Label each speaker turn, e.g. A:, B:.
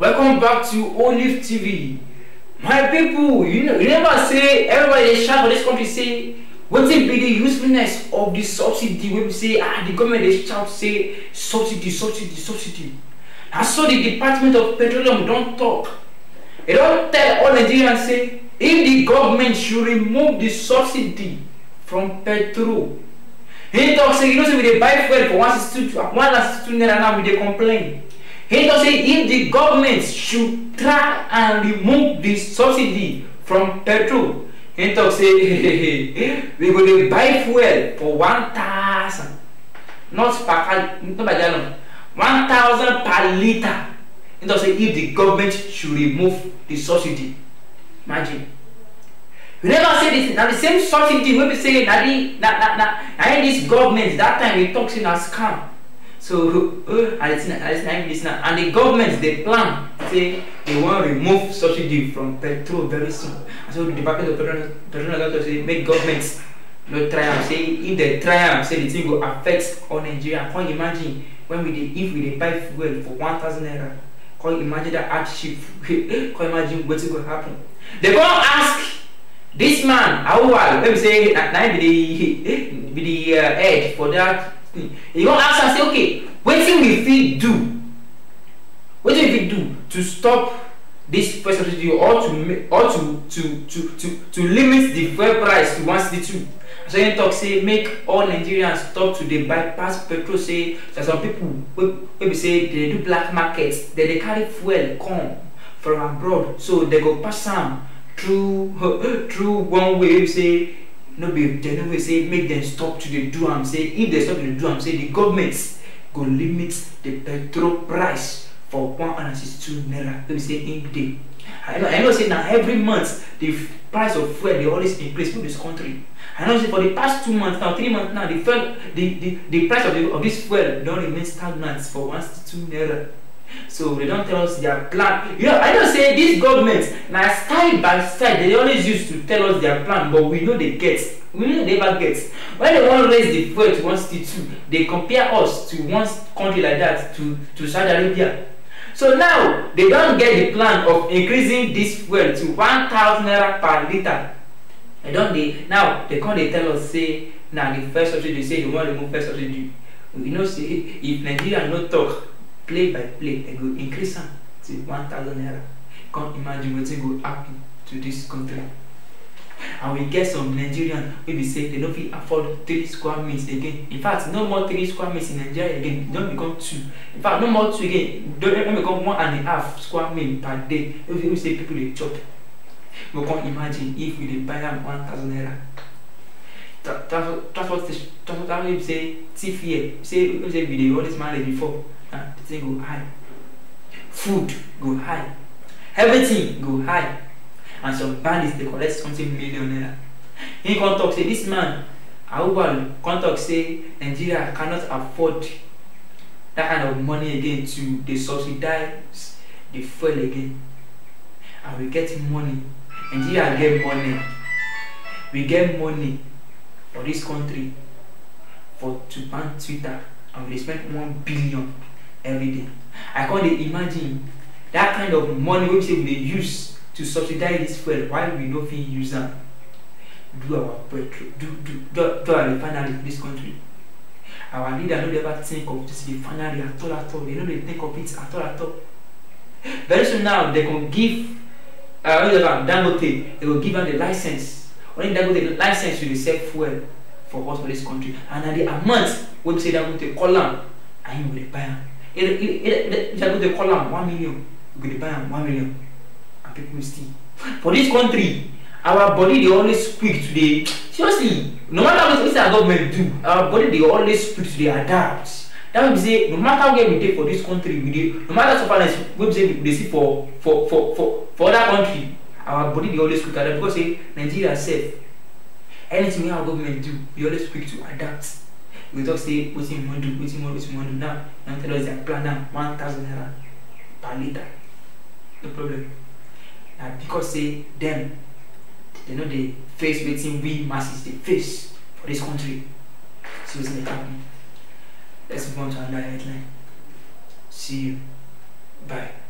A: welcome back to olive tv my people. you remember say everybody dey shout for this country say wetin be the usefulness of di subsidy wey be say ah the government dey shout say subsidy subsidy subsidy And so the department of petroleum don't talk. They don't tell all nigerians say if the government should remove the subsidy from petrol
B: e tok say you know say we buy fuel for
A: 162 naira now we dey complain He to say if the government should try and remove the subsidy from petrol, he to say we go to buy fuel for one thousand, not per not by gallon, one thousand per liter. He to say if the government should remove the subsidy, imagine. We never say this. Now the same subsidy we be saying that the that, that, that, that this government that time we talk in a scam. So and it's not, listen, and the government they plan say they want to remove subsidy from petrol very soon. And so the Department of Petroleum Petroleum say make governments not try and say if they try and say the thing will affect on Nigeria. Can you imagine when we did, if we did buy fuel for one thousand naira? Can you imagine that hardship? Can you imagine what's going to happen? They will to ask this man Awal. Let me say that be the be the uh, head for that thing e don ask am say okay wetin we fit do wetin we fit do to stop this price subsidy or to make or to to to to to limit the fuel price to one sixty-two so him talk say make all nigerians stop to dey buy pass petrol say there some people wey wey be say dey do black market dem dey carry fuel come from abroad so dem go pass am through through one way wey be say no be dem wey say make dem stop to dey do am say if dem stop to dey do am say the government go limit the petrol price for one hundred and sixty-two naira wey be say im dey i know i know say na every month the price of fuel dey always increase for dis country i know say for the past two months now three months now the fuel the di di price of di of this fuel don remain stagnant for one sixty-two naira so they don tell us their plan you know i know say this government na style by style they dey always use to tell us their plan but we no dey get we no dey ever get when they wan raise the fuel to one city two they compare us to one country like that to to saudi arabia so now they don get the plan of increasing this fuel to one thousand naira per litre they don dey now they come dey tell us say na the first subsidy say they wan remove first subsidy we know say if nigeria no talk play by play i go increase am to thousand naira come imagine wetin go happen to dis country and we get some nigerians wey be say dem no fit afford three square meals again in fact no more three square meals in nigeria again don become two in fact no more two again don become one and a half square meal per day wey we say people dey chop we come imagine if we dey buy am one thousand naira transport transport transport say thief here say we say we dey run this marriage before Ah, Everything go high. Food go high. Everything go high. And some bandits they collect something million naira. He come talk say this man Awubalu come talk say Nigeria cannot afford that kind of money again to dey subsidize the fuel again. And we get money. Nigeria get money. We get money for this country for to ban Twitter and we spend one billion every day i con dey imagine that kind of money wey we dey use to subsidize this fuel why we no fit use am do our petrol do do do do our refinery for dis country our leader no dey ever think of this refinery at all at all they no dey think of it at all at all very soon now they go give uh, dangote They go give am the license only dangote license to dey sell fuel for us for this country and na the amount wey be say dangote call am na him go dey buy am It, it, it, it, they, they call them one million. go could buy them 1 million. And people will steal. For this country, our body they always quick to the seriously no matter what our government do our body they always quick to the adapt that means say no matter where we dey for this country we dey no matter sufferance far be say we dey see for for for for for other country our body dey always quick to adapt because say nigeria sef anything wey our government do we always quick to adapt we talk say wetin we wan do wetin we wan do wetin we wan do now now tell us their plan now one thousand naira per litre no problem na because say dem dem no dey face wetin we masses dey face for dis country see wetin dey happen let's move on to another headline see you bye.